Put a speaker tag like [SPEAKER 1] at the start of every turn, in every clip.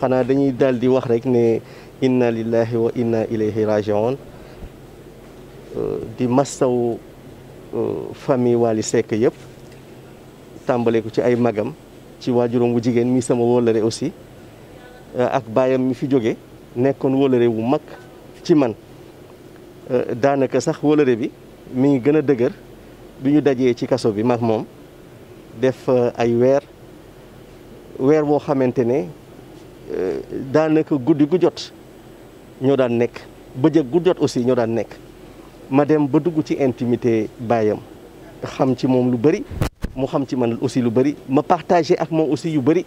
[SPEAKER 1] xanaa dañuy daal di wax rek ne inna lillahi wa inna ilayhi rajiun di mastaw euh, famille Wally Seck yëpp tàmbale ko ci ay magam ci waajuram bu jigéen mi sama wóolare aussi euh, ak baayam mi fi jóge nekkoon wóolare wu mag ci man euh, daanaka sax wóolare bi mi ngi gën a dëgër bi ñu dajee ci kaso bi mag moom def ay weer weer woo xamante ne Euh, daanaka guddi gu jot ñoo daan nekk bëjëg gu jot aussi ñoo daan nekk ma dem ba dugg ci intimité baayam xam ci moom lu bëri mu xam ci man aussi lu bari ma partagé ak moom aussi yu bëri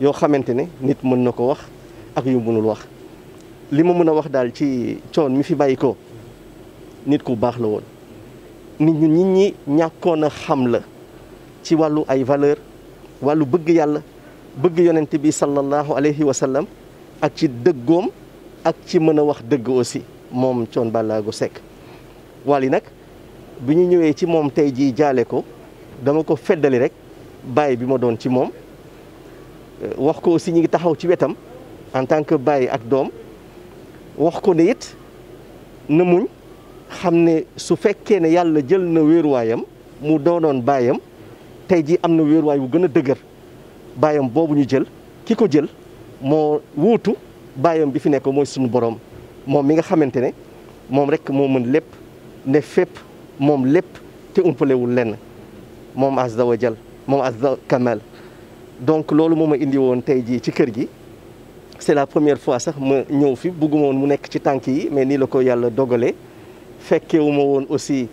[SPEAKER 1] yoo xamante ne nit mën na ko wax ak yu mënul wax li ma mën a wax daal ci coon mi fi bàyyi ko nit ku baax la woon nit ñu nit ñi ñàkkoon a xam la ci wàllu ay valeur wàllu bëgg yàlla bëgg yonent bi sallallahu alayhi wa sallam ak ci dëggoom ak ci mën a wax dëgg aussi moom Thione Ballago sekk Wally nag bi ñu ñëwee ci moom tey jii jaale ko dama ko feddali rek baay bi ma doon ci moom euh, wax ko aussi ñu ngi taxaw ci wetam en tant que baay ak doom wax ko ne it na muñ xam ne su fekkee ne yàlla jël na wéeruwaayam mu doonoon baayam tey jii am na wéeruwaay bu gën a dëgër baayam boobu ñu jël ki ko jël moo wuutu baayam bi fi nekk mooy suñu borom moom mi nga xamante ne moom rek moom mën lépp ne fépp moom lépp te umpalewul lenn moom azza wa jal moom azza kamal donc loolu moom a indi woon tey jii ci kër gi c'est la première fois sax ma ñëw fi bugguma woon mu nekk ci tànk yi mais nii la ko yàlla dogalee fekkewuma woon aussi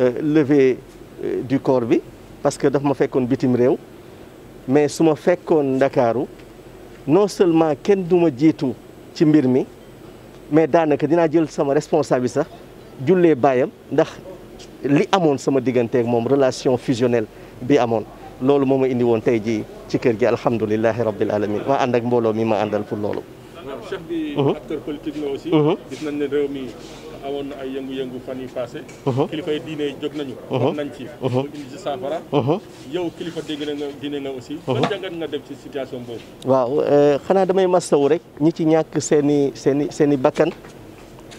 [SPEAKER 1] euh, lever euh, du koor bi parce que daf ma fekkoon bitim réew mais su ma fekkoon ndakaaru non seulement kenn du ma jiitu ci mbir mi mais daanaka dinaa jël sama responsabilité sax jullee baayam ndax li amoon sama digganteeg moom relation fusionnelle bi amoon loolu moom ma indi woon tey jii ci kër gi alhamdulilahi rabbil alamin ma ànd ak mbooloo mi ma àndal pour loolu.
[SPEAKER 2] awoon na ay yëngu-yëngu fan yi passé uh-huh. kilifa yi diine jóg nañu uh-huh. wax uh-huh. kilifa dégg na nga aussi ban jàngat nga def ci situation boobu
[SPEAKER 1] waaw euh, xanaa damay masawu rek ñi ci ñàkk seen i seeni i bakkan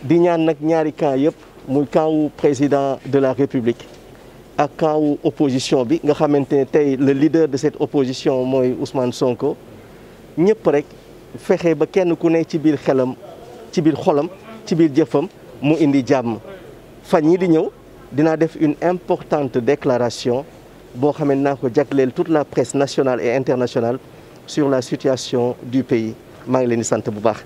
[SPEAKER 1] di ñaan nag ñaari camp yëpp muy camp président de la république ak camp opposition bi nga xamante ne tey le leader de cette opposition mooy Ousmane Sonko ñëpp rek fexe ba kenn ku ne ci biir xelam ci biir xolam ci biir jëfam mu indi jàmm fan yi di ñëw dinaa def une importante déclaration boo xam ne naa ko jagleel toute la presse nationale et internationale sur la situation du pays maa ngi leen di sant bu baax